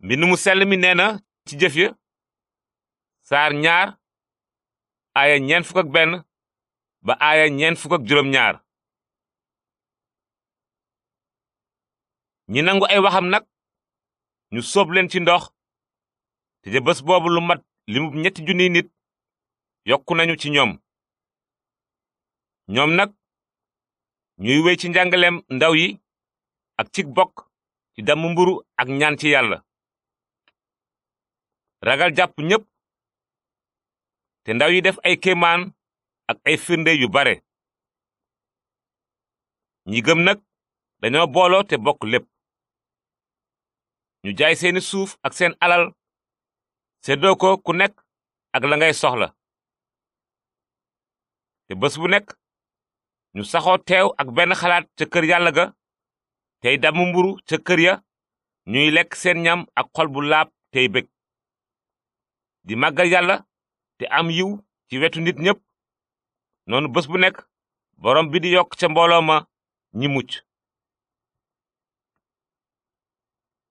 mbind mu sell mi nee na ci jëf ya saar ñaar aaya ñeent fukk ak benn ba aaya ñeent fukk ak juróom ñaar ñi nangu ay waxam nag ñu soobleen ci ndox te ja bés boobu lu mat limub ñetti junniy nit yokku nañu ci ñoom ñoom nag ñuy wéy ci njàngaleem ndaw yi ak cig bokk ci damm mburu ak ñaan ci yàlla ragal jàpp ñépp te ndaw yi def ay kéemaan ak ay firnde yu bare ñi gëm nag dañoo booloo te bokk lépp ñu jaay seeni suuf ak seen alal seddoo ko ku nekk ak la ngay soxla te bés bu nekk ñu saxoo teew ak benn xalaat ca kër yàlla ga tey damu mburu ca kër ya ñuy lekk seen ñam ak xol bu laab tey bég di màggal yàlla te am yiw ci wetu nit ñépp noonu bës bu nekk borom bi di yokk ca mbooloo ma ñi mucc